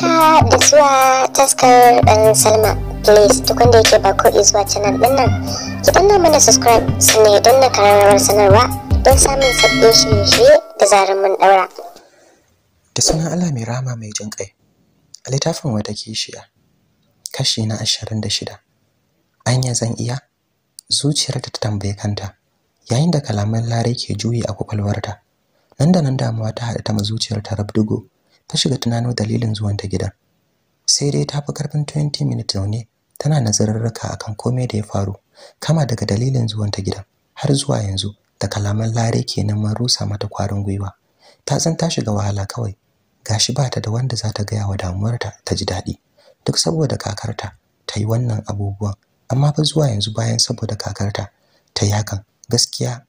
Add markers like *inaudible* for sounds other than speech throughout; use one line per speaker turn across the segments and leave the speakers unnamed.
haka da zuwa taskar dan salma please duk wanda yake ba ko zuwa canal din nan ki danna mana subscribe sannan ya danna karamar sanarwa don samun sabbin shirye-shirye da zarar mun daura da sunan allah mai rama mai jin kai a littafin wata kishiya kashi na ashirin da shida anya zan iya zuciyar ta tambaye kanta yayin da kalaman lare ke juyi a kwakwalwarta nan da nan damuwa ta haɗa ta zuciyar ta rabdugo ta shiga tunanin dalilin zuwan ta gidan sai dai ta fi karfin 20 minutes zaune tana nazararraka akan komai da ya faru kama daga dalilin zuwan ta gidan har zuwa yanzu da kalaman lare kenan man rusa mata kwarin gwiwa ta san ta shiga wahala kawai gashi ba ta da wanda za ta gaya wa damuwarta ta ji daɗi duk saboda kakarta ta yi wannan abubuwan amma fa zuwa yanzu bayan saboda kakarta ta yi hakan gaskiya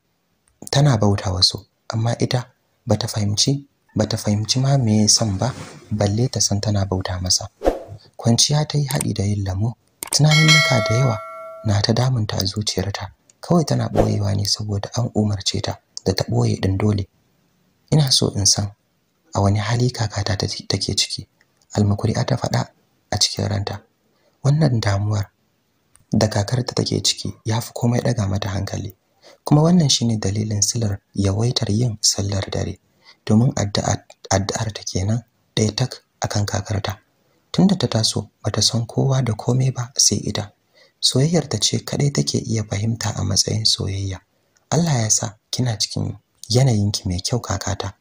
tana bauta wasu amma ita bata fahimci bata fahimci ma me son ba balle ta san tana bauta masa kwanciya ta yi haɗi da yin Tunanin naka da yawa na ta damunta a zuciyarta kawai tana ɓoyewa ne saboda an umarce ta da ta ɓoye ɗin dole ina so in san a wani hali kakata take ciki almakuri ta faɗa a cikin ranta wannan damuwar da kakarta take ciki ya fi komai ɗaga mata hankali kuma wannan shine dalilin silar yawaitar yin sallar dare domin addu'ar ta kenan ɗaya tak akan kakarta tunda ta taso bata san kowa da komai ba sai ita soyayyar ta ce kadai take iya fahimta a matsayin soyayya Allah ya sa kina cikin yanayin ki mai kyau kakata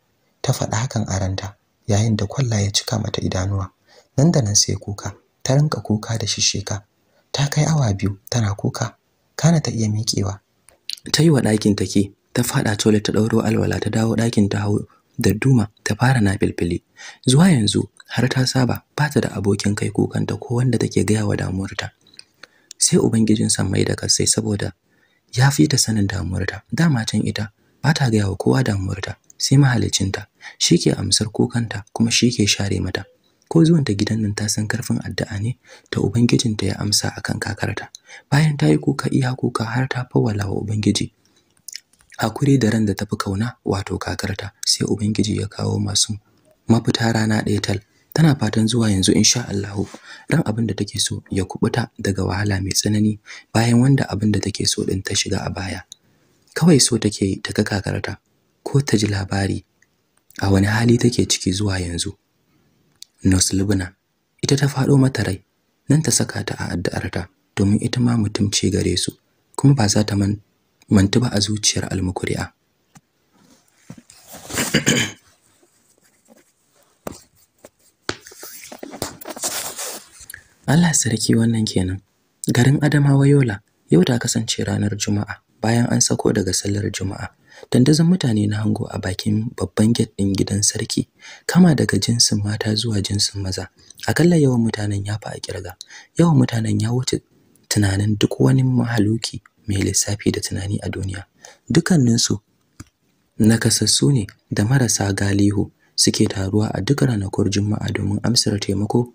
ta faɗa hakan a ranta yayin da kwalla ya cika mata idanuwa nan da nan sai kuka ta rinka kuka da shisheka ta kai awa biyu tana kuka kana ta iya miƙewa ta yi wa ɗakin take ta faɗa tole ta ɗauro alwala ta dawo ɗakin ta hau da duma ta fara na filfili zuwa yanzu har ta saba ba ta da abokin kai kukanta ko wanda take gaya wa damuwarta sai ubangijin san mai da kasai saboda ya fi ta sanin damuwarta dama can ita ba ta gaya wa kowa damuwarta sai mahalicinta shi ke amsar kukanta kuma shi ke share mata ko zuwan ta gidan nan ta san karfin addu'a ne ta ubangijinta ya amsa akan kakarta bayan ta yi kuka iya kuka har ta fawwala wa ubangiji hakuri da ran da tafi kauna wato kakarta sai ubangiji ya kawo masu mafita rana ɗaya tal tana fatan zuwa yanzu insha Allahu ran abin da take so ya kubuta daga wahala mai tsanani bayan wanda abin da take so din ta shiga a baya kawai so take ta ga kakarta ko ta ji labari a wani hali take ciki zuwa yanzu Nuslubna ita ta faɗo mata rai nan ta saka ta a addu'arta domin ita ma mutum ce gare su kuma ba za ta manta. mantuba a zuciyar almukuri'a *clears throat* Allah sarki wannan kenan garin Adamawa Yola yau ta kasance ranar Juma'a bayan an sako daga sallar Juma'a dandazon mutane na hango a bakin babban gate din gidan sarki kama daga jinsin mata zuwa jinsin maza akalla yawan mutanen ya fi a kirga yawan mutanen ya wuce tunanin duk wani mahaluki mai lissafi da tunani a duniya dukkaninsu nakasassu ne da marasa galihu suke taruwa a duk ranakun juma'a domin amsar taimako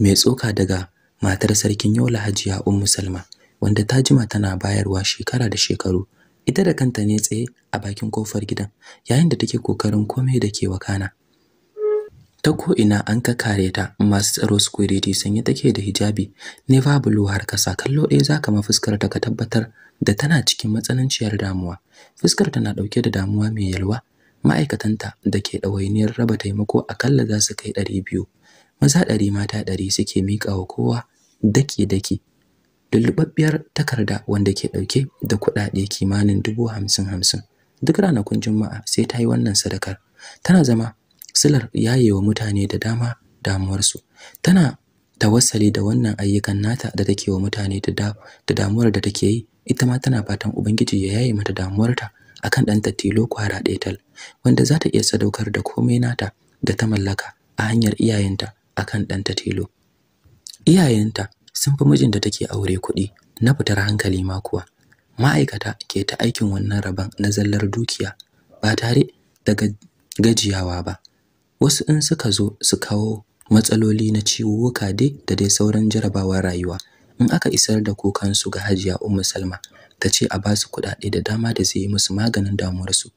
mai tsoka daga matar sarkin yola hajiya ummu salma wanda ta jima tana bayarwa shekara da shekaru ita da kanta ne tsaye a bakin kofar gidan yayin da take kokarin komai da ke wakana ta ko'ina an ka kare ta masu tsaro security sanye take da hijabi never blue har kasa kallo ɗaya zaka ma fuskar ta ka tabbatar da tana cikin matsananciyar damuwa fuskar tana ɗauke da damuwa mai yalwa ma'aikatanta da ke ɗawainiyar raba taimako akalla za su kai ɗari biyu maza ɗari mata ɗari suke mika wa kowa daki-daki lulluɓaɓɓiyar takarda wanda ke ɗauke da kuɗaɗe kimanin dubu hamsin hamsin duk ranakun juma'a sai ta yi wannan sadakar tana zama Silar wa mutane da dama damuwarsu. Tana tawassali da wannan ayyukan nata da take wa mutane da da damuwar da take yi. Ita ma tana fatan Ubangiji ya yaye mata damuwarta akan ɗanta tilo kwara ɗaya tal, wanda za ta iya sadaukar da komai nata da ta mallaka a hanyar iyayenta akan ɗanta tilo. Iyayenta sun fi mijin da take aure kuɗi na fitar hankali ma kuwa. Ma'aikata ke ta aikin wannan rabon na zallar dukiya ba tare daga gajiyawa ba. wasu in suka zo su kawo matsaloli na ciwuwuka dai da dai sauran jarabawar rayuwa in aka isar da kukansu ga Hajiya Ummu Salma ta ce a basu kuɗaɗe da dama da zai yi musu maganin damuwarsu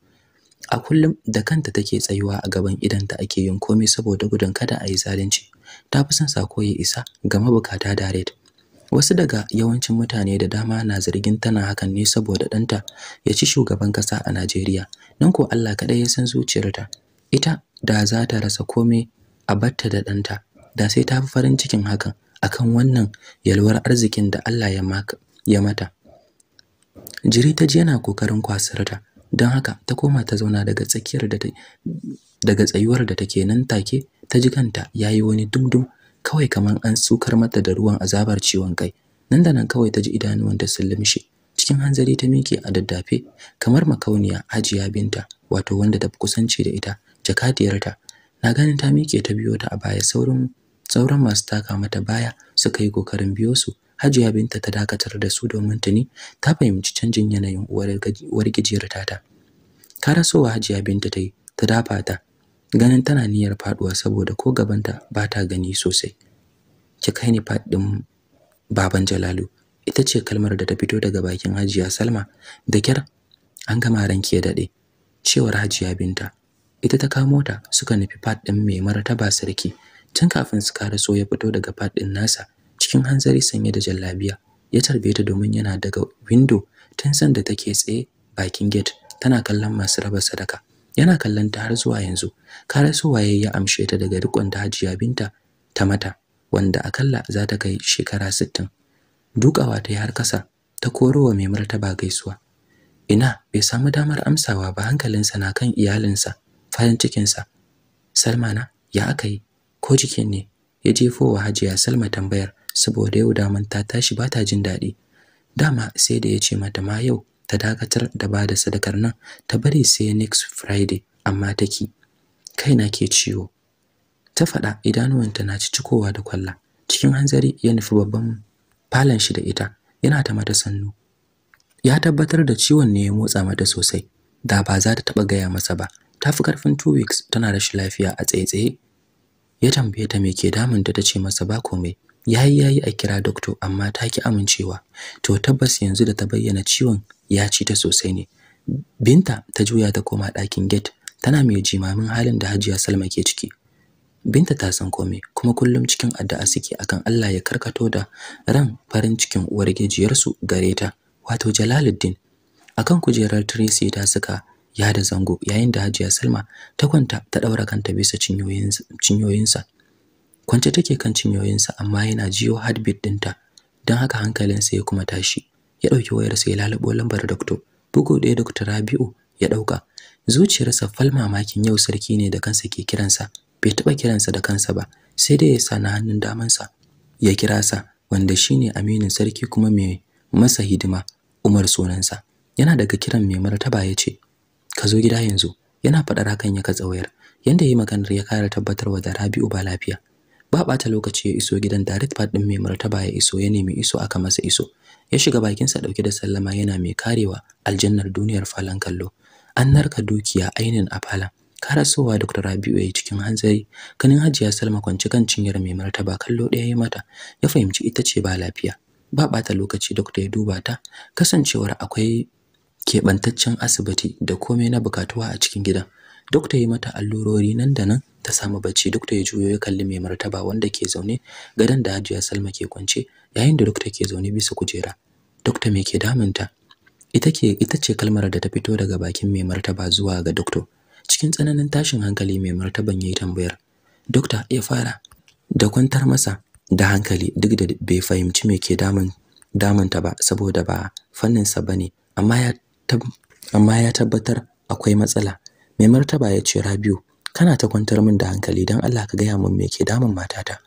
a kullum da kanta take tsayuwa a gaban idanta ake yin komai saboda gudun kada a yi zalunci ta fi son sako ya isa ga mabukata da wasu daga yawancin mutane da dama na zargin tana hakan ne saboda ɗanta ya ci shugaban ƙasa a Najeriya nan ko Allah kaɗai ya san zuciyarta ita da za ta rasa komai a batta da ɗanta da sai ta fi farin cikin hakan akan wannan yalwar arzikin da Allah ya mata jiri ta ji yana kokarin kwasarta don haka ta koma ta zauna daga tsakiyar da ta daga tsayuwar da take nan take ta ji kanta yayi wani dumdum kawai kamar an sukar mata da ruwan azabar ciwon kai nan da nan kawai ta ji idanuwanta sun lumshe cikin hanzari ta miƙe a daddafe kamar makauniya ajiya binta wato wanda ta fi kusanci da ita jakadiyarta na ganin ta mike ta biyo ta a baya saurin sauran masu taka mata baya suka yi kokarin biyo su hajiya binta ta dakatar da su domin tuni ta fahimci canjin yanayin uwar gijiyar tata rasowa hajiya binta ta yi ta dafa ta ganin tana niyyar faduwa saboda ko gabanta ba ta gani sosai ki kai ni faɗin baban jalalu ita ce kalmar da ta fito daga bakin hajiya salma da kyar an gama ranki ya daɗe cewar hajiya binta ita ta kamo ta suka nufi fat ɗin mai martaba sarki tun kafin su kare so ya fito daga fat ɗin nasa cikin hanzari sanye da jallabiya ya tarbe ta domin yana daga window tun sanda take tsaye bakin gate tana kallon masu raba sadaka yana kallon ta har zuwa yanzu kare so waye ya amshe ta daga rikon da hajiya binta ta mata wanda akalla za ta kai shekara 60 dukawa ta yi har kasa ta korowa mai martaba gaisuwa ina bai samu damar amsawa ba hankalinsa na kan iyalinsa farin cikinsa salma na ya aka yi ko jikin ne ya jefowa wa hajiya salma tambayar saboda yau daman ta tashi ba ta jin daɗi dama sai da ya ce mata ma yau ta dakatar da ba da sadakar nan ta bari sai next friday amma ta ki. Kai na ke ciwo ta faɗa idanuwanta na ci cikowa da kwalla cikin hanzari ya nufi babban falon shi da ita yana ta mata sannu ya tabbatar da ciwon ne ya motsa mata sosai da ba za ta taɓa gaya masa ba ta fi ƙarfin weeks tana rashin lafiya a tsaye-tsaye. ya tambaye ta me ke damun ta ce masa ba komai yayi yayi a kira doctor amma ta ki amincewa to tabbas yanzu da ta bayyana ciwon ya ci ta sosai ne binta ta juya ta koma ɗakin gate tana mai jimamin halin da Hajiya Salma ke ciki binta ta san komai kuma kullum cikin addu'a suke akan Allah ya karkato da ran farin cikin uwar gare ta wato Jalaluddin akan kujerar Tracy ta suka ya da zango yayin da Hajiya Salma ta kwanta ta daura kanta bisa cinyoyinsa kwance take kan cinyoyinsa amma yana jiyo heartbeat dinta don haka hankalinsa ya kuma tashi ya ɗauki wayarsa ya lalubo lambar doctor bugu ɗaya doctor Rabi'u ya ɗauka zuciyarsa fal mamakin yau sarki ne da kansa ke kiransa bai taɓa kiransa da kansa ba sai dai ya sa na hannun damansa ya kira sa wanda shine aminin sarki kuma mai masa hidima Umar sunansa yana daga kiran mai martaba ya ce ka zo gida yanzu yana faɗar hakan ya ka wayar yanda yayi maganar ya kara wa da Rabi'u ba lafiya ba bata lokaci ya iso gidan direct part din mai martaba ya iso ya nemi iso aka masa iso ya shiga bakin sa ɗauke da sallama yana mai karewa aljannar duniyar falon kallo an narka dukiya ainin a falon karasowa Dr. Rabi'u yayi cikin hanzari ganin Hajiya Salma kwance kan cinyar mai martaba kallo ɗaya yayi mata ya fahimci ita ce ba lafiya ba bata lokaci Dr. ya duba ta kasancewar akwai keɓantaccen asibiti da komai na bukatuwa a cikin gidan ta yi mata allurori nan da nan ta samu bacci ta ya juyo ya kalli mai martaba wanda ke zaune gadon da hajiya salma ke kwance yayin da dokta ke zaune bisa kujera dokta me ke damunta ita ke ita ce kalmar da ta fito daga bakin mai martaba zuwa ga dokta cikin tsananin tashin hankali mai martaban yi tambayar dokta ya fara da kwantar masa da hankali duk da bai fahimci me ke damun damunta ba saboda ba fanninsa ba ne, amma ya amma ya tabbatar akwai matsala mai martaba ya ce Rabiu kana ta kwantar min da hankali dan Allah ka gaya mun me ke damun matata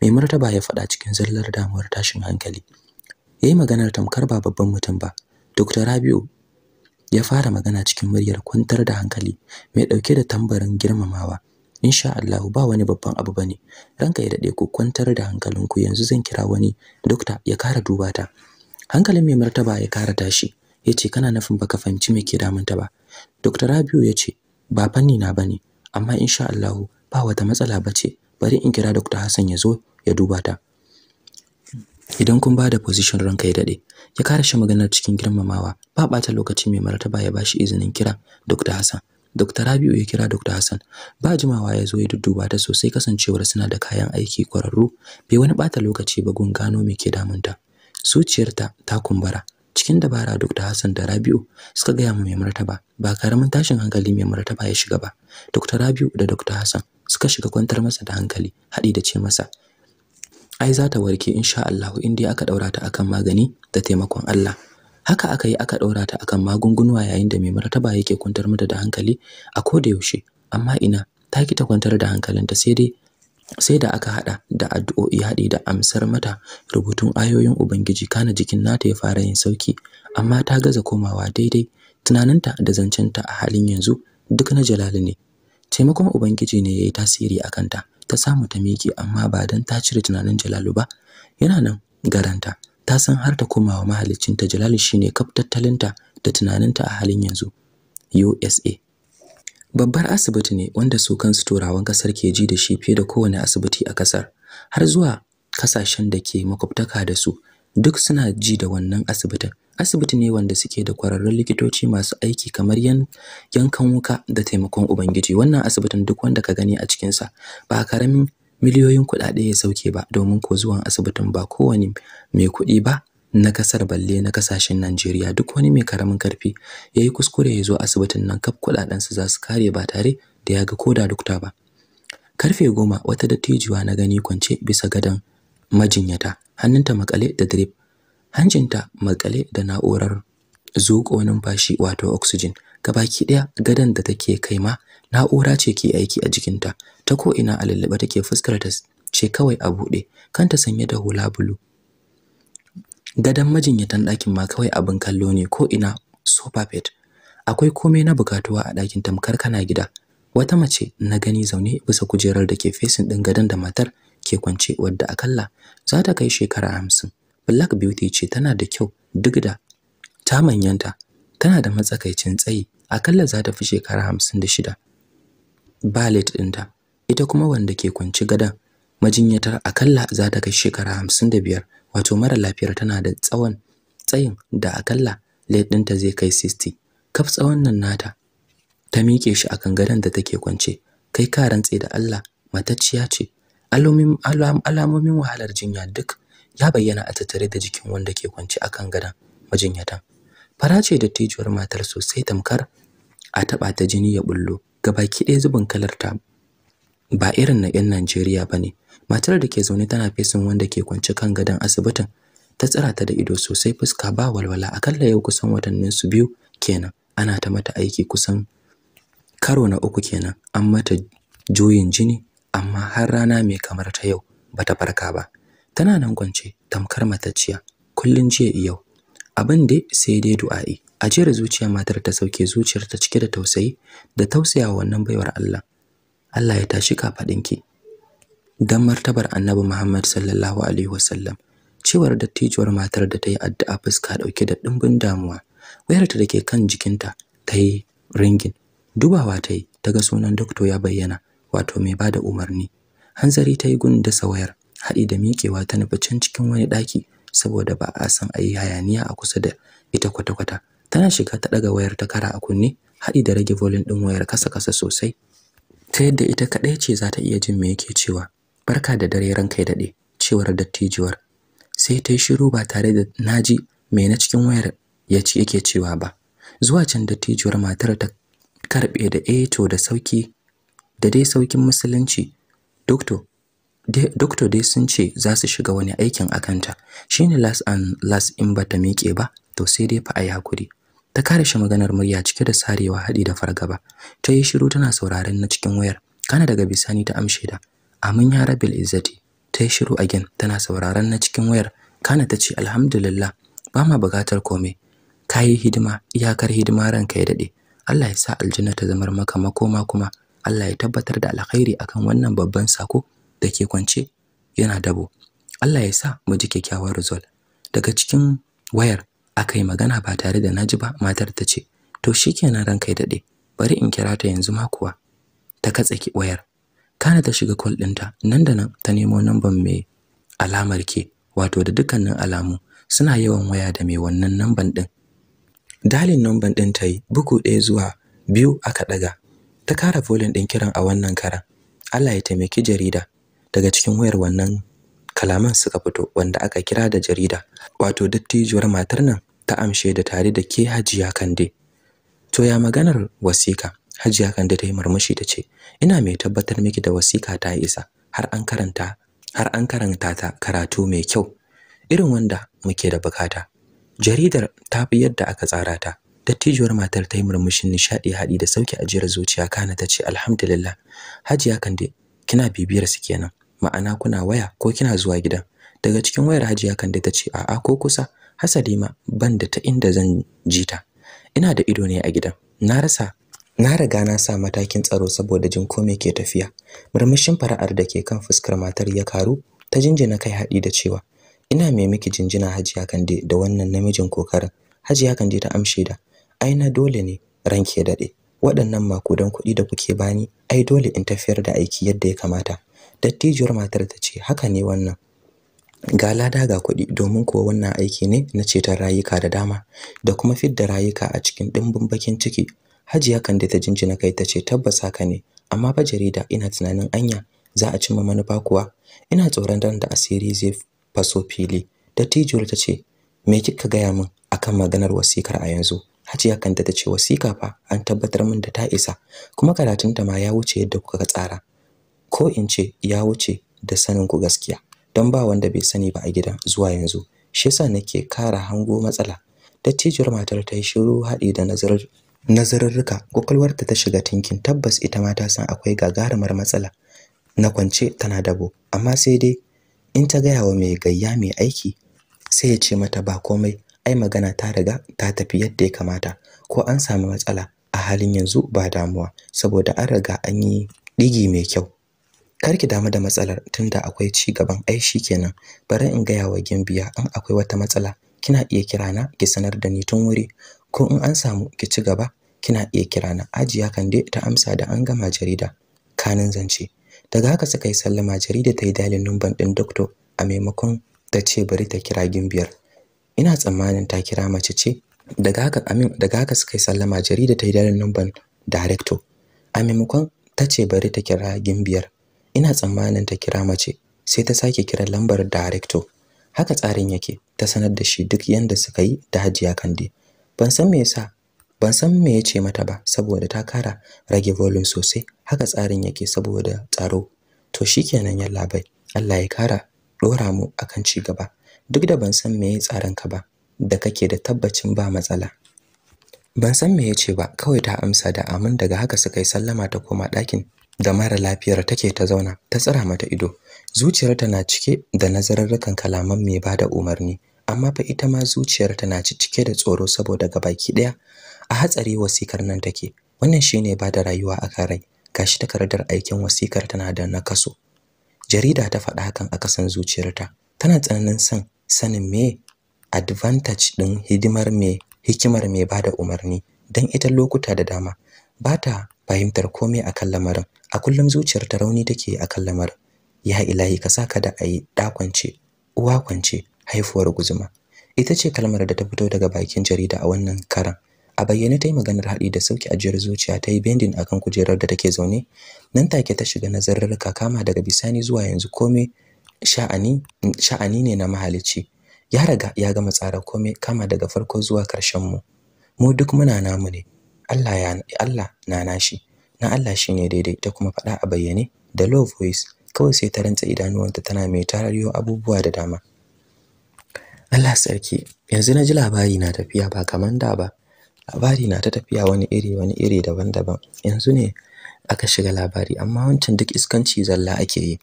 mai martaba ya faɗa cikin zallar damuwar tashin hankali yayi maganar tamkar ba babban mutum ba Dr. Rabiu ya fara magana cikin muryar kwantar da hankali mai dauke da tambarin girmamawa insha Allah ba wani babban abu bane ranka ya dade ku kwantar da hankalinku yanzu zan kira wani dokta ya kara duba ta hankalin mai martaba ya kara tashi ya ce kana nufin baka fahimci me ke damunta ba dr rabiu ya ce ba fanni na bane amma insha allahu ba wata matsala bace bari in kira dr hassan ya zo ya duba ta idan kun bada position ranka ya dade ya kare shi maganar cikin girmamawa ba bata lokaci mai martaba ya bashi izinin kira Dr. Hassan Dr. Rabiu ya kira Dr. Hassan ba jimawa ya zo ya dudduba ta sosai kasancewar suna da kayan aiki kwararru bai wani bata lokaci ba gun gano me ke damunta zuciyarta ta kumbara. cikin dabara Dr. Hassan da Rabi'u suka gaya mu mai martaba ba karamin tashin hankali mai martaba ya shiga ba Dr. Rabi'u da Dr. Hassan suka shiga kwantar masa da hankali haɗi da ce masa ai za ta warke insha Allah in dai aka daura ta akan magani da taimakon Allah haka aka yi aka daura ta akan magunguna yayin da mai martaba yake kwantar mata da hankali a koda yaushe amma ina ta ki ta kwantar da hankalinta sai dai sai da aka hada da addu'o'i hadi da amsar mata rubutun ayoyin ubangiji kana jikin nata ya fara yin sauki amma ta gaza komawa daidai tunaninta da zancenta a halin yanzu duk na jalali ne taimakon ubangiji ne yayi tasiri a kanta ta samu ta miki amma ba dan ta cire tunanin jalalu ba yana nan garanta ta san har ta komawa mahaliccinta jalali shine kaf tattalinta da tunaninta a halin yanzu USA babbar asibiti ne wanda su kansu turawan kasar ke ji da shi fiye da kowane asibiti a kasar har zuwa kasashen da ke makwabtaka da su duk suna ji da wannan asibitin asibiti ne wanda suke da kwararrun likitoci masu aiki kamar yan yankan wuka da taimakon ubangiji wannan asibitin duk wanda ka gani a cikin sa ba karamin miliyoyin kuɗaɗe ya sauke ba domin ko zuwan asibitin ba kowane mai kuɗi ba na kasar balle na kasashen Najeriya duk wani mai karamin karfi yayi kuskure ya zo asibitin nan kaf kudaden su za su kare ba tare da ya ga koda dukta ba karfe goma wata dattijuwa na gani kwance bisa gadon majinyata hannunta makale da drip hancinta makale da na'urar zuƙo numfashi wato oxygen gabaki daya gadon da take kai ma na'ura ce ke aiki a jikinta ta ko ina a lullube take fuskar ta ce kawai a buɗe kanta sanye da hula bulu Gadon majinyatan ɗakin ma kawai abin kallo ne ko ina sofa bed. Akwai komai na bukatuwa a ɗakin tamkar kana gida. Wata mace na gani zaune bisa kujerar da ke fesin ɗin gadon da matar ke kwance wadda akalla za ta kai shekara hamsin. Black Beauty ce tana da kyau duk da ta manyanta. Tana da matsakaicin tsayi akalla za ta fi shekara hamsin da shida. Ballet ɗinta ita kuma wanda ke kwance gadon majinyatar akalla za ta kai shekara hamsin da biyar wato mara lafiyar tana da tsawon tsayin da akalla leg ɗinta zai kai 60 kaf tsawon nan nata ta miƙe shi akan gadon da take kwance kai ka rantse da Allah matacciya ce alamomin wahalar jinya duk ya bayyana a tattare da jikin wanda ke kwance akan gadon majinyatan fara ce da tijuwar matar sosai tamkar a taɓa ta jini ya bullo gabaki ɗaya zubin kalar ta ba irin na 'yan Najeriya ba ne. Matar da ke zaune tana fesin wanda ke kwance kan gadon asibitin ta tsira ta da ido sosai fuska ba walwala akalla yau kusan watannin su biyu kenan ana ta mata aiki kusan karo na uku kenan an mata juyin jini amma har rana mai kamar ta yau bata farka ba tana nan kwance tamkar matacciya Kullum jiya yau abin dai sai dai du'a'i ajiyar zuciya matar ta sauke zuciyar ta cike da tausayi da tausayawa wannan baiwar Allah Allah ya tashi ki dan martabar Annabi Muhammad sallallahu alaihi wasallam cewar dattijuwar matar da ta yi addu'a fuska ɗauke da dimbin damuwa wayarta da ke kan jikinta ta yi ringin dubawa ta yi ta ga sunan dokto ya bayyana wato mai ba da umarni hanzari ta yi gun dasa wayar haɗi da miƙewa ta nufi can cikin wani ɗaki saboda ba a san a yi hayaniya a kusa da ita kwata-kwata tana shiga ta ɗaga wayar ta kara a kunne haɗi da rage volin ɗin wayar kasa-kasa sosai ta yadda ita kaɗai ce za ta iya jin me yake cewa barka da dare ranka ya daɗe cewar dattijuwar sai ta yi shiru ba tare da na ji me na cikin wayar ya ci yake cewa ba zuwa can dattijuwar matar ta karɓe da eto eh to da sauki da dai saukin musulunci doctor doctor dai sun ce za su shiga wani aikin akanta shine last and last in ba ta miƙe ba to sai dai fa a yi hakuri ta kare shi maganar murya cike da sarewa haɗi da fargaba ta yi shiru tana sauraron na cikin wayar kana daga bisani ta amshe da amin ya rabil izzati ta yi shiru again tana sauraron na cikin wayar kana ta ce alhamdulillah ba ma buƙatar komai ka yi hidima iyakar hidima ranka ya daɗe Allah ya sa aljanna ta zamar maka makoma kuma Allah ya tabbatar da alkhairi akan wannan babban sako da ke kwance yana dabo Allah ya sa mu ji kyakkyawar result daga cikin wayar aka yi magana ba tare da naji ba matar ta ce to shikenan ranka ya dade bari in kira ta yanzu ma kuwa ta katse ki wayar kana ta shiga call ɗinta nan da nan ta nemo namban mai alamar ke wato da dukkanin alamu suna yawan waya da mai wannan namban din dalin namban din ta yi buku ɗaya zuwa biyu aka ɗaga ta kara folin ɗin kiran a wannan karan Allah ya taimaki jarida daga cikin wayar wannan kalaman suka fito wanda aka kira da jarida wato dattijuwar matar nan ta amshe da tare da ke Hajiya Kande. To ya maganar wasika? Hajiya Kande ta yi murmushi ta ce, "Ina mai tabbatar miki da wasika ta isa, har an karanta, har an karanta ta karatu mai kyau, irin wanda muke da bukata." Jaridar ta fi yadda aka tsara ta. Dattijuwar matar ta yi murmushin nishaɗi haɗi da sauki ajiyar zuciya kana ta ce alhamdulillah. Hajiya Kande kina bibiyar su kenan. Ma'ana kuna waya ko kina zuwa gidan. Daga cikin wayar Hajiya Kande ta ce a'a ko kusa hasali ma ban da ta inda zan ji ta ina da ido ne a gidan na rasa na riga na sa matakin tsaro saboda jin kome ke tafiya murmushin fara'ar da ke kan fuskar matar ya karu ta jinjina kai haɗi da cewa ina mai miki jinjina hajiya kande da wannan namijin kokarin hajiya kande ta amshe da ai na dole ne ranke daɗe waɗannan makudan kuɗi da kuke bani ai dole in tafiyar da aiki yadda ya kamata dattijiyar matar ta ce haka ne wannan ga lada ga kuɗi domin kuwa wannan aiki ne na ceton rayuka da dama da kuma fidda rayuka a cikin ɗimbin bakin ciki hajiya kan da ta jinjina kai ta ce tabbas haka ne amma fa jarida ina tunanin anya za a cimma manufa kuwa ina tsoron ran da asiri zai faso fili dattijuwar ta ce me kika gaya min akan maganar wasikar a yanzu hajiya kan ta ce wasika fa an tabbatar min da ta isa kuma karatunta ma ya wuce yadda kuka tsara ko in ce ya wuce da sanin ku gaskiya don ba wanda bai sani ba a gidan zuwa yanzu shi yasa nake kara hango matsala dattijiyar matar ta yi shiru haɗi da nazarar nazararruka kwakwalwarta ta shiga tinkin tabbas ita ma ta san akwai gagarumar matsala na kwance tana dabo amma sai dai in ta gaya wa mai gayya mai aiki sai ya ce mata ba komai ai magana ta riga ta tafi yadda ya kamata ko an samu matsala a halin yanzu ba damuwa saboda an riga an yi digi mai kyau Kar ki damu da matsalar tunda akwai ci gaban ai kenan. Bari in gaya wa Gimbiya in akwai wata matsala kina iya kira na ki sanar da ni tun wuri ko in an samu ki ci gaba kina iya kira na. Ajiya Kande ta amsa da an gama jarida. Kanin zance. Daga haka suka yi sallama jarida ta yi dalin numban ɗin doctor a maimakon ta ce bari ta kira Gimbiyar. Ina tsammanin ta kira mace ce. Daga haka Amin daga haka suka yi sallama jarida ta yi dalin numban director a maimakon ta ce bari ta kira Gimbiyar. ina tsammanin ta kira mace sai ta sake kira lambar director haka tsarin yake ta sanar da shi duk yanda suka yi da Hajiya Kande ban san me yasa ban san me yace mata ba saboda ta kara rage volume sosai haka tsarin yake saboda tsaro to shikenan yalla bai Allah ya kara dora mu akan ci gaba duk da ban san me tsarin ka ba da kake da tabbacin ba matsala ban san me yace ba kawai ta amsa da amin daga haka suka yi sallama ta koma ɗakin da mara lafiyar take ta zauna ta tsira mata ido zuciyarta na cike da nazararrukan kalaman mai bada umarni amma fa ita ma zuciyarta ta na cike da tsoro saboda ga baki daya a hatsari wasikar nan take wannan shine bada rayuwa a karai gashi takardar aikin wasikar tana da nakaso jarida ta faɗa hakan a kasan zuciyarta tana tsananin san sanin me advantage din hidimar me hikimar mai bada umarni dan ita lokuta da dama bata fahimtar komai akan lamarin a kullum zuciyar ta rauni take akan lamar ya ilahi ka saka da ayi dakwance uwa kwance haifuwar guzuma ita ce kalmar da ta fito daga bakin jarida a wannan karan a bayyane ta yi maganar haɗi da sauki ajiyar zuciya ta yi bendin akan kujerar da take zaune nan take ta shiga ka kama daga bisani zuwa yanzu komai sha'ani sha'ani ne na mahalicci ya riga ya gama tsara komai kama daga farko zuwa karshen mu mu duk muna namu ne Allah ya Allah na nashi na Allah shi ne daidai ta kuma faɗa a bayyane da low voice kawai sai ta rantsa idanuwanta tana mai tarariyo abubuwa da dama Allah sarki yanzu na ji labari na tafiya ba kaman da ba labari na ta tafiya wani iri wani iri daban-daban yanzu ne aka shiga labari amma wancan duk iskanci zalla ake yi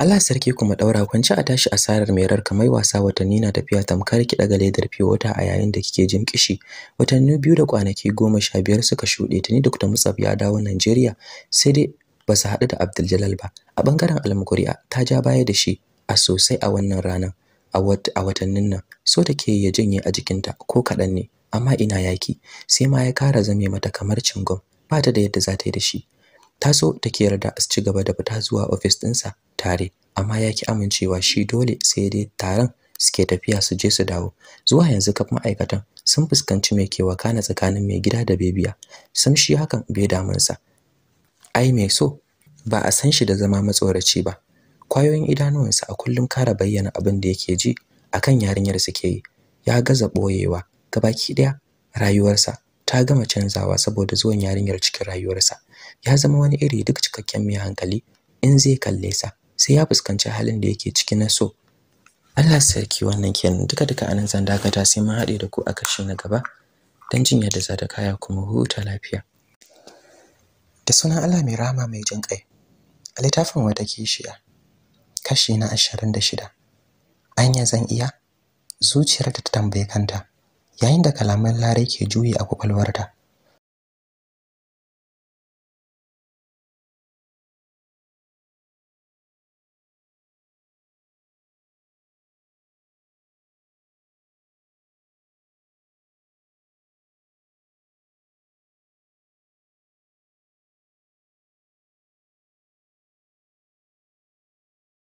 Allah sarki kuma daura kwanci a tashi asarar mai rarka mai wasa watanni na tafiya tamkar ki daga ledar wata a yayin da kike jin kishi watanni biyu da kwanaki goma sha biyar suka shuɗe tuni Dr. Musab ya dawo Najeriya sai dai ba su haɗu da Abdul Jalal ba a bangaren Almukuri'a ta ja baya da shi a sosai a wannan rana a watannin nan so take ya janye a jikinta ko kaɗan ne amma ina yaki sai ma ya kara zame mata kamar cingom ba ta da yadda za ta yi da shi ta so take yarda su ci gaba da fita zuwa ofis ɗinsa tare amma ya amincewa shi dole sai dai taron suke tafiya su je su dawo zuwa yanzu kafin ma'aikatan sun fuskanci mai kewa kana tsakanin mai gida da bebiya sun shi hakan bai damunsa ai mai so ba a san shi da zama matsoraci ba kwayoyin idanuwansa a kullum kara bayyana abin da yake ji akan yarinyar suke yi ya gaza boyewa gabaki daya rayuwarsa ta gama canzawa saboda zuwan yarinyar cikin rayuwarsa ya zama wani iri duk cikakken mai hankali in zai kalle sa sai ya fuskanci halin da yake ciki na so Allah sarki wannan kenan duka duka anan zan dakata sai mun haɗe da ku a kashi na gaba dan jin yadda za ta kaya kuma huta lafiya da sunan Allah mai rama mai jin kai a littafin wata kishiya kashi na 26 anya zan iya zuciyar ta tambaye kanta yayin da kalaman larai ke juyi a kwakwalwarta